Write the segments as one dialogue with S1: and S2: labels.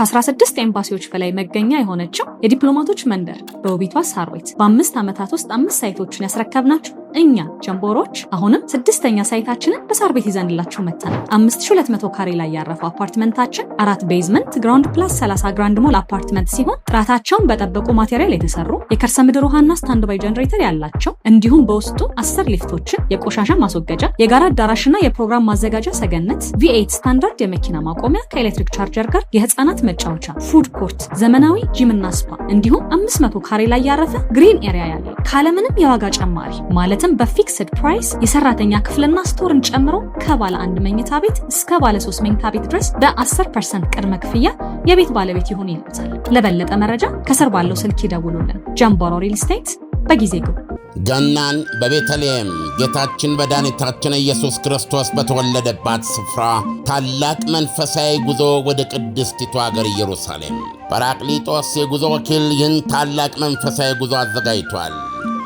S1: ከ16 ኤምባሲዎች በላይ መገኛ የሆነችው የዲፕሎማቶች መንደር በውቢቷ ሳር በአምስት ዓመታት ውስጥ አምስት ሳይቶችን ያስረከብናችሁ እኛ ጀምቦሮች አሁንም ስድስተኛ ሳይታችንን በሳር ቤት ይዘንላችሁ መጥተናል። 5200 ካሬ ላይ ያረፈው አፓርትመንታችን አራት ቤዝመንት ግራውንድ ፕላስ 30 ግራንድ ሞል አፓርትመንት ሲሆን ጥራታቸውን በጠበቁ ማቴሪያል የተሰሩ የከርሰ ምድር ውሃና ስታንድ ባይ ጀነሬተር ያላቸው እንዲሁም በውስጡ አስር ሊፍቶችን፣ የቆሻሻ ማስወገጃ፣ የጋራ አዳራሽና የፕሮግራም ማዘጋጃ ሰገነት፣ ቪኤት ስታንዳርድ የመኪና ማቆሚያ ከኤሌክትሪክ ቻርጀር ጋር የህፃናት መጫወቻ፣ ፉድ ኮርት፣ ዘመናዊ ጂምና ስፓ እንዲሁም 500 ካሬ ላይ ያረፈ ግሪን ኤሪያ ያለው ካለምንም የዋጋ ጨማሪ ማለት ማለትም በፊክስድ ፕራይስ የሰራተኛ ክፍልና ስቶርን ጨምሮ ከባለ አንድ መኝታ ቤት እስከ ባለ ሶስት መኝታ ቤት ድረስ በ10 ፐርሰንት ቅድመ ክፍያ የቤት ባለቤት ይሆን ይሉታል። ለበለጠ መረጃ ከስር ባለው ስልክ ይደውሉልን። ጀምቦሮ ሪል ስቴት በጊዜ ግቡ።
S2: ገናን በቤተልሔም ጌታችን መድኃኒታችን ኢየሱስ ክርስቶስ በተወለደባት ስፍራ ታላቅ መንፈሳዊ ጉዞ ወደ ቅድስቲቱ አገር ኢየሩሳሌም ጳራቅሊጦስ የጉዞ ወኪል ይህን ታላቅ መንፈሳዊ ጉዞ አዘጋጅቷል።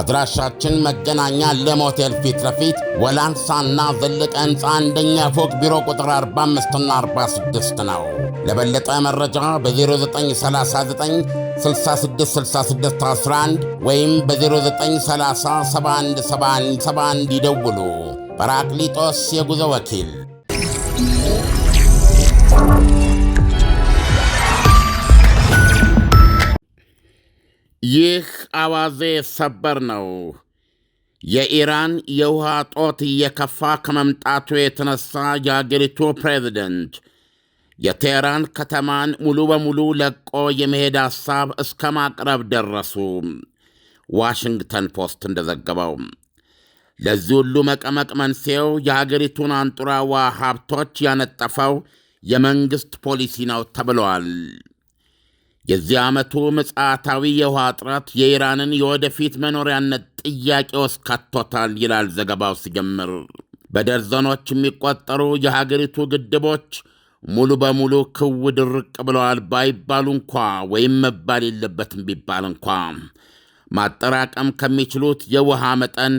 S2: አድራሻችን መገናኛ ለም ሆቴል ፊት ለፊት ወላንሳና ዘለቀ ህንፃ አንደኛ ፎቅ ቢሮ ቁጥር 45 እና 46 ነው። ለበለጠ መረጃ በ0939666611 ወይም በ0930717171 ይደውሉ። ጰራቅሊጦስ የጉዞ ወኪል ይህ አዋዜ ሰበር ነው። የኢራን የውሃ ጦት እየከፋ ከመምጣቱ የተነሳ የአገሪቱ ፕሬዚደንት የቴህራን ከተማን ሙሉ በሙሉ ለቆ የመሄድ ሐሳብ እስከ ማቅረብ ደረሱ። ዋሽንግተን ፖስት እንደዘገበው ለዚህ ሁሉ መቀመቅ መንስኤው የአገሪቱን አንጡራዋ ሀብቶች ያነጠፈው የመንግሥት ፖሊሲ ነው ተብለዋል። የዚህ ዓመቱ ምጽአታዊ የውሃ እጥረት የኢራንን የወደፊት መኖሪያነት ጥያቄ ውስጥ ከቶታል ይላል ዘገባው ሲጀምር። በደርዘኖች የሚቆጠሩ የሀገሪቱ ግድቦች ሙሉ በሙሉ ክው ድርቅ ብለዋል ባይባሉ እንኳ ወይም መባል የለበትም ቢባል እንኳ ማጠራቀም ከሚችሉት የውሃ መጠን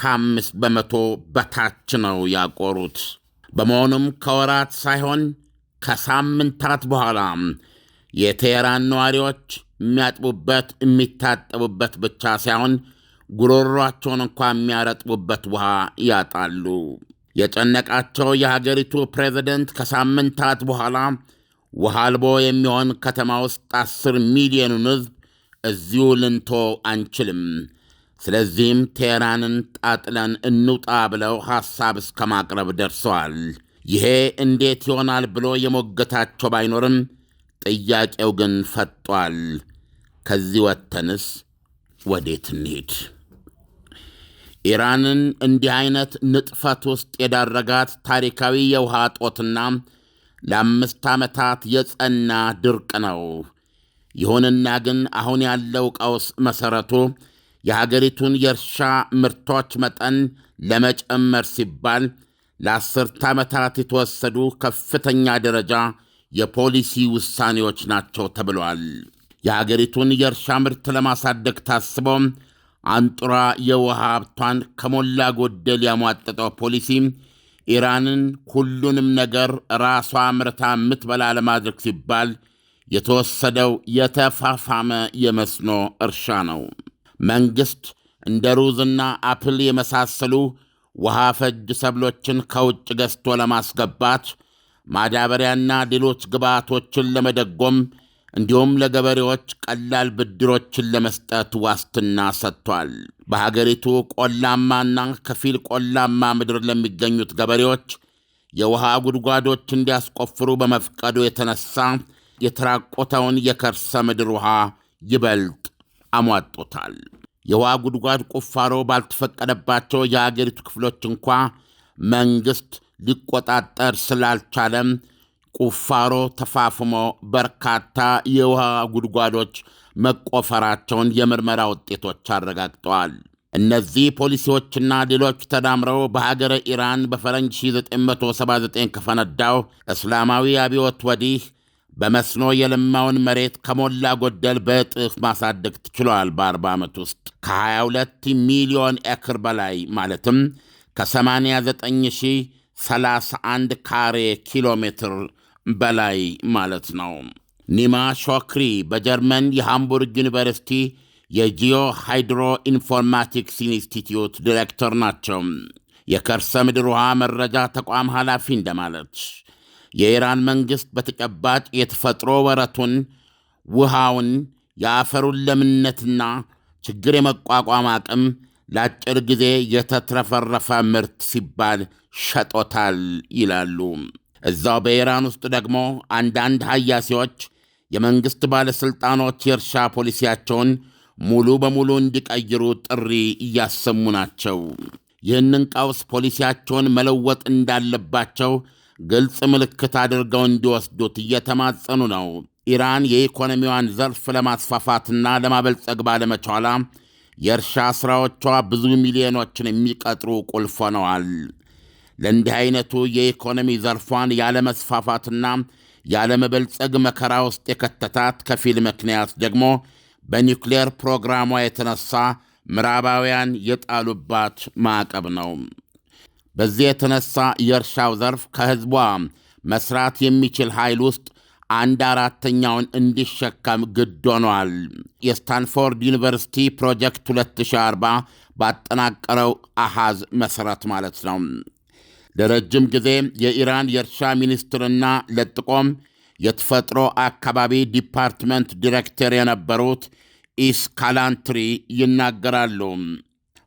S2: ከአምስት በመቶ በታች ነው ያቆሩት። በመሆኑም ከወራት ሳይሆን ከሳምንታት በኋላ የቴሄራን ነዋሪዎች የሚያጥቡበት የሚታጠቡበት ብቻ ሳይሆን ጉሮሯቸውን እንኳ የሚያረጥቡበት ውሃ ያጣሉ። የጨነቃቸው የሀገሪቱ ፕሬዚደንት ከሳምንታት በኋላ ውሃ አልቦ የሚሆን ከተማ ውስጥ አስር ሚሊዮኑን ሕዝብ እዚሁ ልንቶ አንችልም፣ ስለዚህም ቴሄራንን ጣጥለን እንውጣ ብለው ሐሳብ እስከ ማቅረብ ደርሰዋል። ይሄ እንዴት ይሆናል ብሎ የሞገታቸው ባይኖርም ጥያቄው ግን ፈጧል። ከዚህ ወጥተንስ ወዴት እንሂድ? ኢራንን እንዲህ አይነት ንጥፈት ውስጥ የዳረጋት ታሪካዊ የውሃ ጦትና ለአምስት ዓመታት የጸና ድርቅ ነው። ይሁንና ግን አሁን ያለው ቀውስ መሠረቱ የሀገሪቱን የእርሻ ምርቶች መጠን ለመጨመር ሲባል ለአስርተ ዓመታት የተወሰዱ ከፍተኛ ደረጃ የፖሊሲ ውሳኔዎች ናቸው ተብለዋል። የሀገሪቱን የእርሻ ምርት ለማሳደግ ታስቦ አንጡራ የውሃ ሀብቷን ከሞላ ጎደል ያሟጠጠው ፖሊሲ ኢራንን ሁሉንም ነገር ራሷ ምርታ የምትበላ ለማድረግ ሲባል የተወሰደው የተፋፋመ የመስኖ እርሻ ነው። መንግሥት እንደ ሩዝና አፕል የመሳሰሉ ውሃ ፈጅ ሰብሎችን ከውጭ ገዝቶ ለማስገባት ማዳበሪያና ሌሎች ግብዓቶችን ለመደጎም እንዲሁም ለገበሬዎች ቀላል ብድሮችን ለመስጠት ዋስትና ሰጥቷል። በሀገሪቱ ቆላማና ከፊል ቆላማ ምድር ለሚገኙት ገበሬዎች የውሃ ጉድጓዶች እንዲያስቆፍሩ በመፍቀዱ የተነሳ የተራቆተውን የከርሰ ምድር ውሃ ይበልጥ አሟጦታል። የውሃ ጉድጓድ ቁፋሮ ባልተፈቀደባቸው የአገሪቱ ክፍሎች እንኳ መንግሥት ሊቆጣጠር ስላልቻለም ቁፋሮ ተፋፍሞ በርካታ የውሃ ጉድጓዶች መቆፈራቸውን የምርመራ ውጤቶች አረጋግጠዋል። እነዚህ ፖሊሲዎችና ሌሎች ተዳምረው በሀገረ ኢራን በፈረንጅ 1979 ከፈነዳው እስላማዊ አብዮት ወዲህ በመስኖ የለማውን መሬት ከሞላ ጎደል በእጥፍ ማሳደግ ትችሏል። በ40 ዓመት ውስጥ ከ22 ሚሊዮን ኤክር በላይ ማለትም ከ89 31 ካሬ ኪሎ ሜትር በላይ ማለት ነው። ኒማ ሾክሪ በጀርመን የሃምቡርግ ዩኒቨርሲቲ የጂኦ ሃይድሮ ኢንፎርማቲክስ ኢንስቲትዩት ዲሬክተር ናቸው። የከርሰ ምድር ውሃ መረጃ ተቋም ኃላፊ እንደማለት የኢራን መንግሥት በተጨባጭ የተፈጥሮ ወረቱን፣ ውሃውን፣ የአፈሩን ለምነትና ችግር የመቋቋም አቅም ለአጭር ጊዜ የተትረፈረፈ ምርት ሲባል ሸጦታል ይላሉ። እዛው በኢራን ውስጥ ደግሞ አንዳንድ ሀያሲዎች የመንግሥት ባለሥልጣኖች የእርሻ ፖሊሲያቸውን ሙሉ በሙሉ እንዲቀይሩ ጥሪ እያሰሙ ናቸው። ይህንን ቀውስ ፖሊሲያቸውን መለወጥ እንዳለባቸው ግልጽ ምልክት አድርገው እንዲወስዱት እየተማጸኑ ነው። ኢራን የኢኮኖሚዋን ዘርፍ ለማስፋፋትና ለማበልጸግ ባለመቻሏ የእርሻ ሥራዎቿ ብዙ ሚሊዮኖችን የሚቀጥሩ ቁልፍ ሆነዋል። ለእንዲህ አይነቱ የኢኮኖሚ ዘርፏን ያለመስፋፋትና ያለመበልጸግ መከራ ውስጥ የከተታት ከፊል ምክንያት ደግሞ በኒውክሌር ፕሮግራሟ የተነሳ ምዕራባውያን የጣሉባት ማዕቀብ ነው። በዚህ የተነሳ የእርሻው ዘርፍ ከሕዝቧ መስራት የሚችል ኃይል ውስጥ አንድ አራተኛውን እንዲሸከም ግድ ሆኗል። የስታንፎርድ ዩኒቨርሲቲ ፕሮጀክት 2040 ባጠናቀረው አሃዝ መሠረት ማለት ነው። ለረጅም ጊዜ የኢራን የእርሻ ሚኒስትርና ለጥቆም የተፈጥሮ አካባቢ ዲፓርትመንት ዲሬክተር የነበሩት ኢስካላንትሪ ይናገራሉ።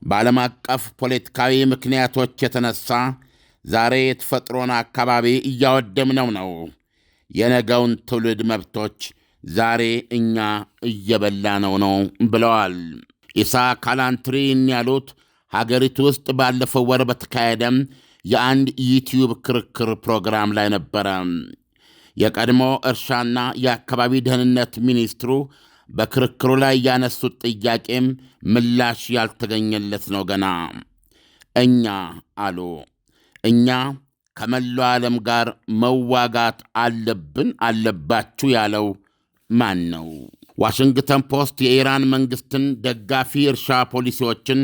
S2: በዓለም አቀፍ ፖለቲካዊ ምክንያቶች የተነሳ ዛሬ የተፈጥሮን አካባቢ እያወደምነው ነው የነገውን ትውልድ መብቶች ዛሬ እኛ ነው ነው ብለዋል። ኢሳ ካላንትሪን ያሉት ሀገሪቱ ውስጥ ባለፈው ወር በተካሄደም የአንድ ዩትዩብ ክርክር ፕሮግራም ላይ ነበረ። የቀድሞ እርሻና የአካባቢ ደህንነት ሚኒስትሩ በክርክሩ ላይ ያነሱት ጥያቄም ምላሽ ያልተገኘለት ነው ገና። እኛ አሉ እኛ ከመላው ዓለም ጋር መዋጋት አለብን አለባችሁ ያለው ማን ነው? ዋሽንግተን ፖስት የኢራን መንግሥትን ደጋፊ እርሻ ፖሊሲዎችን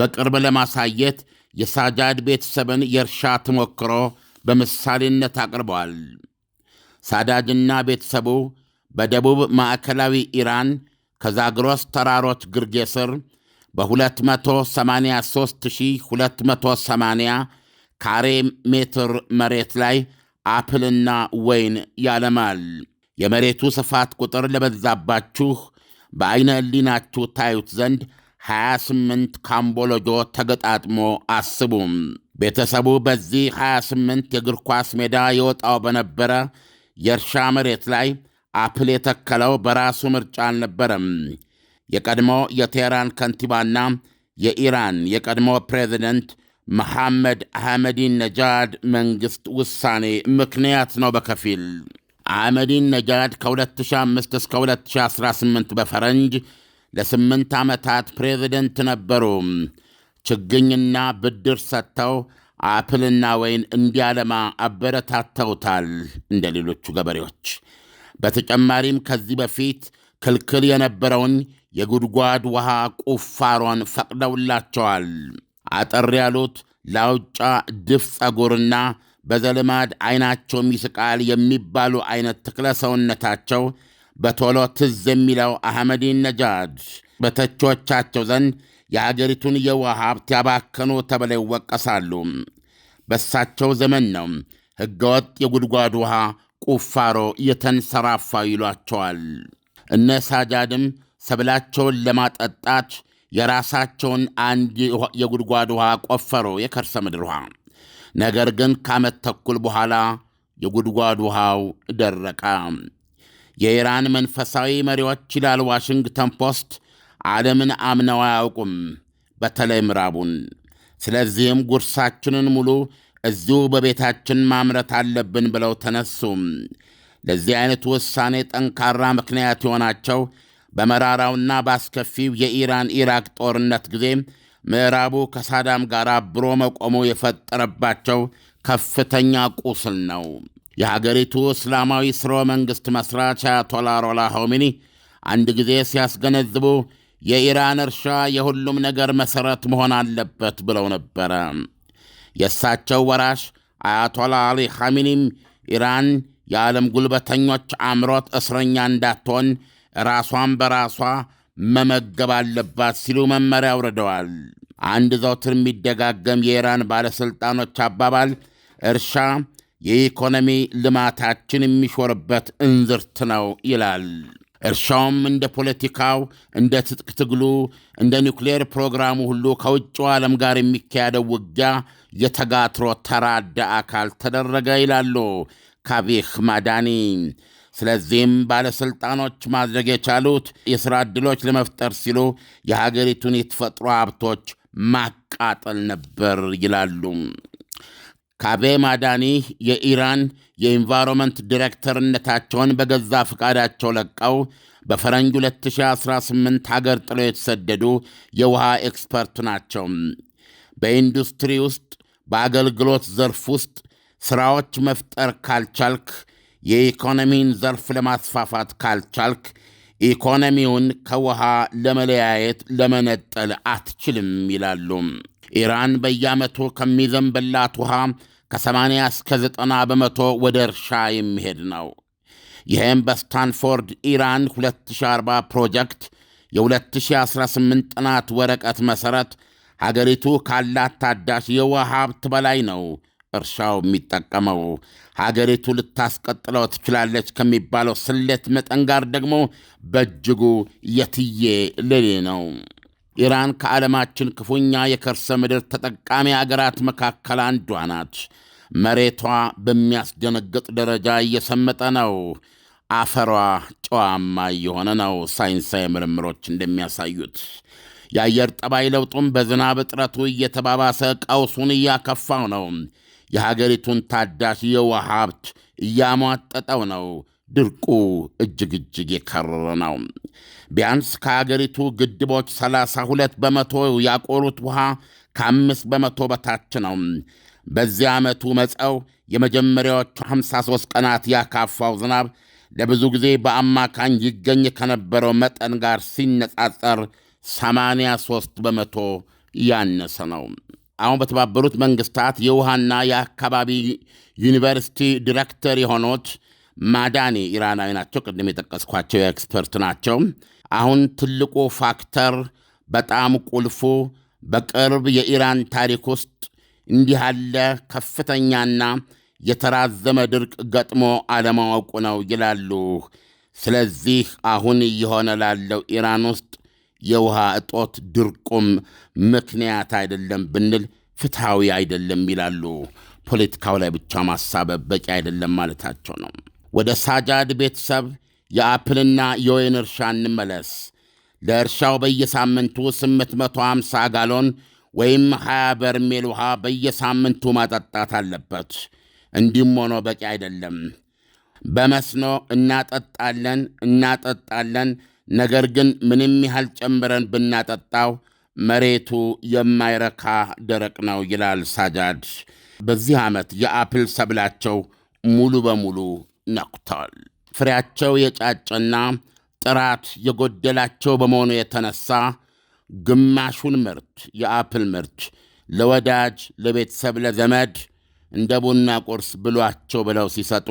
S2: በቅርብ ለማሳየት የሳጃድ ቤተሰብን የእርሻ ተሞክሮ በምሳሌነት አቅርበዋል። ሳዳጅና ቤተሰቡ በደቡብ ማዕከላዊ ኢራን ከዛግሮስ ተራሮች ግርጌ ስር በ283280 ካሬ ሜትር መሬት ላይ አፕልና ወይን ያለማል። የመሬቱ ስፋት ቁጥር ለበዛባችሁ በአይነ ሕሊናችሁ ታዩት ዘንድ 28 ካምቦሎጆ ተገጣጥሞ አስቡም። ቤተሰቡ በዚህ 28 የእግር ኳስ ሜዳ የወጣው በነበረ የእርሻ መሬት ላይ አፕል የተከለው በራሱ ምርጫ አልነበረም። የቀድሞ የቴህራን ከንቲባና የኢራን የቀድሞ ፕሬዚደንት መሐመድ አህመዲን ነጃድ መንግሥት ውሳኔ ምክንያት ነው በከፊል። አህመዲን ነጃድ ከ2005 እስከ 2018 በፈረንጅ ለስምንት ዓመታት ፕሬዝደንት ነበሩ። ችግኝና ብድር ሰጥተው አፕልና ወይን እንዲያለማ አበረታተውታል እንደ ሌሎቹ ገበሬዎች። በተጨማሪም ከዚህ በፊት ክልክል የነበረውን የጉድጓድ ውሃ ቁፋሮን ፈቅደውላቸዋል። አጠር ያሉት ላውጫ ድፍ ጸጉርና በዘልማድ ዐይናቸውም ይስቃል የሚባሉ ዐይነት ትክለ ሰውነታቸው በቶሎ ትዝ የሚለው አህመዲን ነጃድ በተቾቻቸው ዘንድ የአገሪቱን የውሃ ሀብት ያባከኑ ተብለው ይወቀሳሉ። በሳቸው ዘመን ነው ሕገወጥ የጉድጓድ ውሃ ቁፋሮ የተንሰራፋ ይሏቸዋል። እነ ሳጃድም ሰብላቸውን ለማጠጣት የራሳቸውን አንድ የጉድጓድ ውሃ ቆፈሩ፣ የከርሰ ምድር ውሃ። ነገር ግን ከዓመት ተኩል በኋላ የጉድጓድ ውሃው ደረቀ። የኢራን መንፈሳዊ መሪዎች ይላል ዋሽንግተን ፖስት፣ ዓለምን አምነው አያውቁም፣ በተለይ ምዕራቡን። ስለዚህም ጉርሳችንን ሙሉ እዚሁ በቤታችን ማምረት አለብን ብለው ተነሱ። ለዚህ አይነቱ ውሳኔ ጠንካራ ምክንያት የሆናቸው በመራራውና በአስከፊው የኢራን ኢራቅ ጦርነት ጊዜ ምዕራቡ ከሳዳም ጋር አብሮ መቆሙ የፈጠረባቸው ከፍተኛ ቁስል ነው። የሀገሪቱ እስላማዊ ስሮ መንግሥት መሥራች አያቶላ ሮላ ሆሚኒ አንድ ጊዜ ሲያስገነዝቡ የኢራን እርሻ የሁሉም ነገር መሠረት መሆን አለበት ብለው ነበረ። የእሳቸው ወራሽ አያቶላ አሊ ሐሚኒም ኢራን የዓለም ጉልበተኞች አምሮት እስረኛ እንዳትሆን ራሷን በራሷ መመገብ አለባት ሲሉ መመሪያ አውርደዋል። አንድ ዘውትር የሚደጋገም የኢራን ባለሥልጣኖች አባባል እርሻ የኢኮኖሚ ልማታችን የሚሾርበት እንዝርት ነው ይላል። እርሻውም እንደ ፖለቲካው፣ እንደ ትጥቅ ትግሉ፣ እንደ ኒውክሌር ፕሮግራሙ ሁሉ ከውጭው ዓለም ጋር የሚካሄደው ውጊያ የተጋትሮ ተራዳ አካል ተደረገ ይላሉ ካቢህ ማዳኒ። ስለዚህም ባለሥልጣኖች ማድረግ የቻሉት የሥራ ዕድሎች ለመፍጠር ሲሉ የሀገሪቱን የተፈጥሮ ሀብቶች ማቃጠል ነበር ይላሉ። ካቤ ማዳኒ የኢራን የኢንቫይሮንመንት ዲሬክተርነታቸውን በገዛ ፈቃዳቸው ለቀው በፈረንጅ 2018 ሀገር ጥለው የተሰደዱ የውሃ ኤክስፐርት ናቸው። በኢንዱስትሪ ውስጥ በአገልግሎት ዘርፍ ውስጥ ሥራዎች መፍጠር ካልቻልክ የኢኮኖሚን ዘርፍ ለማስፋፋት ካልቻልክ ኢኮኖሚውን ከውሃ ለመለያየት ለመነጠል አትችልም ይላሉ። ኢራን በየዓመቱ ከሚዘንብላት ውሃ ከ80 እስከ 90 በመቶ ወደ እርሻ የሚሄድ ነው። ይህም በስታንፎርድ ኢራን 2040 ፕሮጀክት የ2018 ጥናት ወረቀት መሠረት ሀገሪቱ ካላት ታዳሽ የውሃ ሀብት በላይ ነው እርሻው የሚጠቀመው ሀገሪቱ ልታስቀጥለው ትችላለች ከሚባለው ስሌት መጠን ጋር ደግሞ በእጅጉ የትዬ ሌሌ ነው። ኢራን ከዓለማችን ክፉኛ የከርሰ ምድር ተጠቃሚ አገራት መካከል አንዷ ናት። መሬቷ በሚያስደነግጥ ደረጃ እየሰመጠ ነው። አፈሯ ጨዋማ እየሆነ ነው። ሳይንሳዊ ምርምሮች እንደሚያሳዩት የአየር ጠባይ ለውጡም በዝናብ እጥረቱ እየተባባሰ ቀውሱን እያከፋው ነው። የሀገሪቱን ታዳሽ የውሃ ሀብት እያሟጠጠው ነው። ድርቁ እጅግ እጅግ የከረረ ነው። ቢያንስ ከሀገሪቱ ግድቦች 32 በመቶ ያቆሩት ውሃ ከአምስት በመቶ በታች ነው። በዚህ ዓመቱ መጸው የመጀመሪያዎቹ 53 ቀናት ያካፋው ዝናብ ለብዙ ጊዜ በአማካኝ ይገኝ ከነበረው መጠን ጋር ሲነጻጸር 83 በመቶ ያነሰ ነው። አሁን በተባበሩት መንግስታት የውሃና የአካባቢ ዩኒቨርሲቲ ዲሬክተር የሆኑት ማዳኒ ኢራናዊ ናቸው። ቅድም የጠቀስኳቸው ኤክስፐርት ናቸው። አሁን ትልቁ ፋክተር በጣም ቁልፉ በቅርብ የኢራን ታሪክ ውስጥ እንዲህ ያለ ከፍተኛና የተራዘመ ድርቅ ገጥሞ አለማወቁ ነው ይላሉ። ስለዚህ አሁን እየሆነ ላለው ኢራን ውስጥ የውሃ እጦት ድርቁም ምክንያት አይደለም ብንል ፍትሐዊ አይደለም ይላሉ። ፖለቲካው ላይ ብቻ ማሳበብ በቂ አይደለም ማለታቸው ነው። ወደ ሳጃድ ቤተሰብ የአፕልና የወይን እርሻ እንመለስ። ለእርሻው በየሳምንቱ 850 ጋሎን ወይም 20 በርሜል ውሃ በየሳምንቱ ማጠጣት አለበት። እንዲህም ሆኖ በቂ አይደለም። በመስኖ እናጠጣለን እናጠጣለን ነገር ግን ምንም ያህል ጨምረን ብናጠጣው መሬቱ የማይረካ ደረቅ ነው ይላል ሳጃድ። በዚህ ዓመት የአፕል ሰብላቸው ሙሉ በሙሉ ነኩተዋል። ፍሬያቸው የጫጨና ጥራት የጎደላቸው በመሆኑ የተነሳ ግማሹን ምርት የአፕል ምርት ለወዳጅ ለቤተሰብ፣ ለዘመድ እንደ ቡና ቁርስ ብሏቸው ብለው ሲሰጡ፣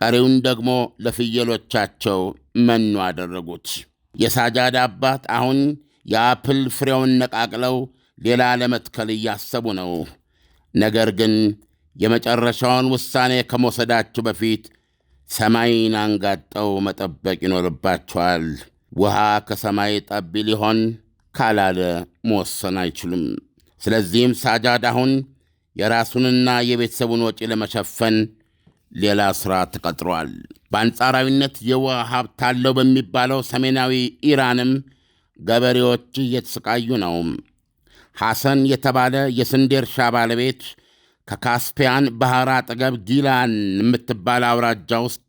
S2: ቀሪውን ደግሞ ለፍየሎቻቸው መኖ አደረጉት። የሳጃድ አባት አሁን የአፕል ፍሬውን ነቃቅለው ሌላ ለመትከል እያሰቡ ነው። ነገር ግን የመጨረሻውን ውሳኔ ከመውሰዳችሁ በፊት ሰማይን አንጋጠው መጠበቅ ይኖርባቸዋል። ውሃ ከሰማይ ጠቢ ሊሆን ካላለ መወሰን አይችሉም። ስለዚህም ሳጃድ አሁን የራሱንና የቤተሰቡን ወጪ ለመሸፈን ሌላ ሥራ ተቀጥሯል። በአንጻራዊነት የውሃ ሀብት አለው በሚባለው ሰሜናዊ ኢራንም ገበሬዎች እየተሰቃዩ ነው። ሐሰን የተባለ የስንዴ እርሻ ባለቤት ከካስፒያን ባሕር አጠገብ ጊላን የምትባል አውራጃ ውስጥ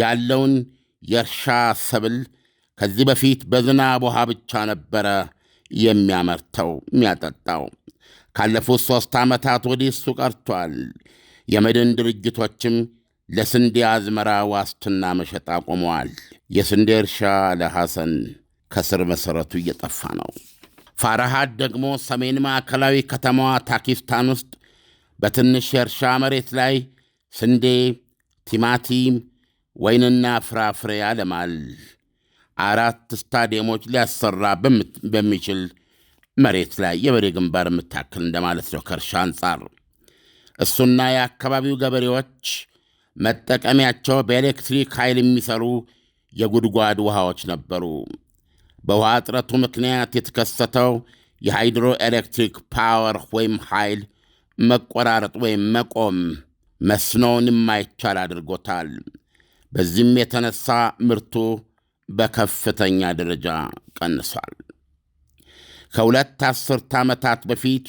S2: ያለውን የእርሻ ሰብል ከዚህ በፊት በዝናብ ውሃ ብቻ ነበረ የሚያመርተው የሚያጠጣው። ካለፉት ሦስት ዓመታት ወዲህ እሱ ቀርቷል። የመድን ድርጅቶችም ለስንዴ አዝመራ ዋስትና መሸጥ አቁመዋል። የስንዴ እርሻ ለሐሰን ከስር መሠረቱ እየጠፋ ነው። ፋርሃድ ደግሞ ሰሜን ማዕከላዊ ከተማዋ ታኪስታን ውስጥ በትንሽ የእርሻ መሬት ላይ ስንዴ፣ ቲማቲም፣ ወይንና ፍራፍሬ ያለማል። አራት ስታዲየሞች ሊያሰራ በሚችል መሬት ላይ የበሬ ግንባር የምታክል እንደማለት ነው ከእርሻ አንጻር እሱና የአካባቢው ገበሬዎች መጠቀሚያቸው በኤሌክትሪክ ኃይል የሚሠሩ የጉድጓድ ውሃዎች ነበሩ። በውሃ እጥረቱ ምክንያት የተከሰተው የሃይድሮ ኤሌክትሪክ ፓወር ወይም ኃይል መቆራረጥ ወይም መቆም መስኖውን የማይቻል አድርጎታል። በዚህም የተነሳ ምርቱ በከፍተኛ ደረጃ ቀንሷል። ከሁለት አስርት ዓመታት በፊት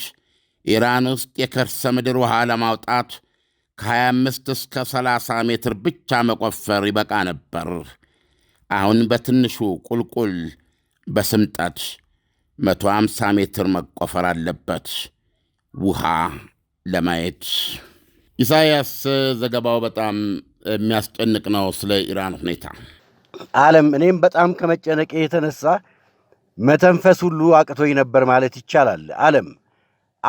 S2: ኢራን ውስጥ የከርሰ ምድር ውሃ ለማውጣት ከ25 እስከ 30 ሜትር ብቻ መቆፈር ይበቃ ነበር። አሁን በትንሹ ቁልቁል በስምጠት 150 ሜትር መቆፈር አለበት ውሃ ለማየት። ኢሳይያስ፣ ዘገባው በጣም የሚያስጨንቅ ነው ስለ ኢራን ሁኔታ።
S3: ዓለም እኔም በጣም ከመጨነቅ የተነሳ መተንፈስ ሁሉ አቅቶኝ ነበር ማለት ይቻላል። ዓለም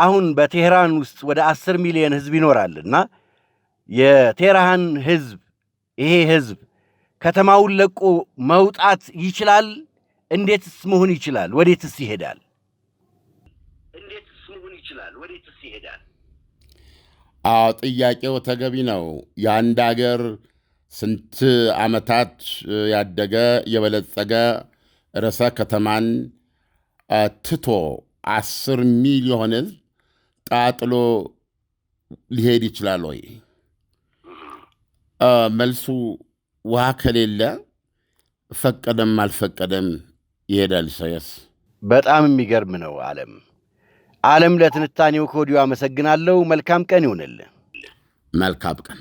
S3: አሁን በቴህራን ውስጥ ወደ አስር ሚሊዮን ህዝብ ይኖራል እና የቴህራን ህዝብ ይሄ ህዝብ ከተማውን ለቆ መውጣት ይችላል? እንዴትስ መሆን ይችላል? ወዴትስ ይሄዳል? እንዴትስ መሆን ይችላል?
S4: ወዴትስ ይሄዳል? አዎ ጥያቄው ተገቢ ነው። የአንድ አገር ስንት ዓመታት ያደገ የበለጸገ ርዕሰ ከተማን ትቶ አስር ሚሊዮን ህዝብ ጣጥሎ ሊሄድ ይችላል ወይ? መልሱ ውሃ ከሌለ ፈቀደም አልፈቀደም ይሄዳል። ኢሳያስ
S3: በጣም የሚገርም ነው። ዓለም ዓለም ለትንታኔው ከወዲሁ አመሰግናለሁ። መልካም ቀን ይሆንልህ።
S4: መልካም ቀን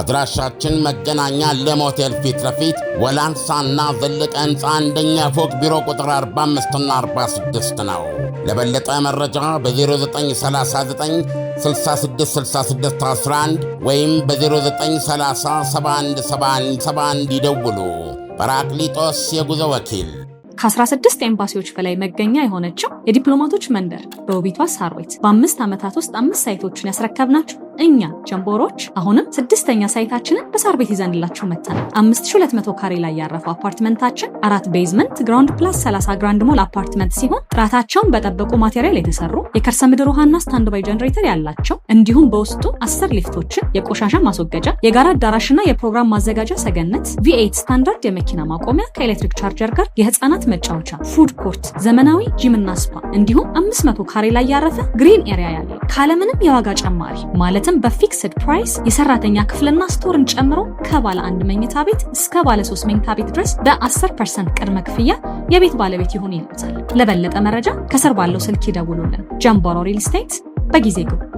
S2: አድራሻችን መገናኛ ለሞቴል ፊት ለፊት ወላንሳና ዘለቀ ህንፃ አንደኛ ፎቅ ቢሮ ቁጥር 45ና 46 ነው። ለበለጠ መረጃ በ0939 666611 ወይም በ0930717171 ይደውሉ። ጰራቅሊጦስ የጉዞ ወኪል
S1: ከ16 ኤምባሲዎች በላይ መገኛ የሆነችው የዲፕሎማቶች መንደር በውቢቷ ሳር ቤት በአምስት ዓመታት ውስጥ አምስት ሳይቶችን ያስረከብናቸው እኛ ጀንቦሮች አሁንም ስድስተኛ ሳይታችንን በሳር ቤት ይዘንላችሁ መጥተናል። 5200 ካሬ ላይ ያረፈው አፓርትመንታችን አራት ቤዝመንት ግራውንድ ፕላስ 30 ግራንድ ሞል አፓርትመንት ሲሆን ጥራታቸውን በጠበቁ ማቴሪያል የተሰሩ የከርሰ ምድር ውሃና ባይ ጀነሬተር ያላቸው እንዲሁም በውስጡ አስር ሊፍቶችን፣ የቆሻሻ ማስወገጃ፣ የጋራ አዳራሽና የፕሮግራም ማዘጋጃ ሰገነት፣ ቪኤት ስታንዳርድ የመኪና ማቆሚያ ከኤሌክትሪክ ቻርጀር ጋር፣ የህፃናት መጫወቻ፣ ፉድ ኮርት፣ ዘመናዊ ጂምና ስፓ እንዲሁም 500 ካሬ ላይ ያረፈ ግሪን ኤሪያ ያለው ካለምንም የዋጋ ጨማሪ ማለት ማለትም በፊክስድ ፕራይስ የሰራተኛ ክፍልና ስቶርን ጨምሮ ከባለ አንድ መኝታ ቤት እስከ ባለ ሶስት መኝታ ቤት ድረስ በ10 ፐርሰንት ቅድመ ክፍያ የቤት ባለቤት ይሆን ይሉታል። ለበለጠ መረጃ ከስር ባለው ስልክ ይደውሉልን። ጀምቦሮ ሪል ስቴት በጊዜ ግቡ።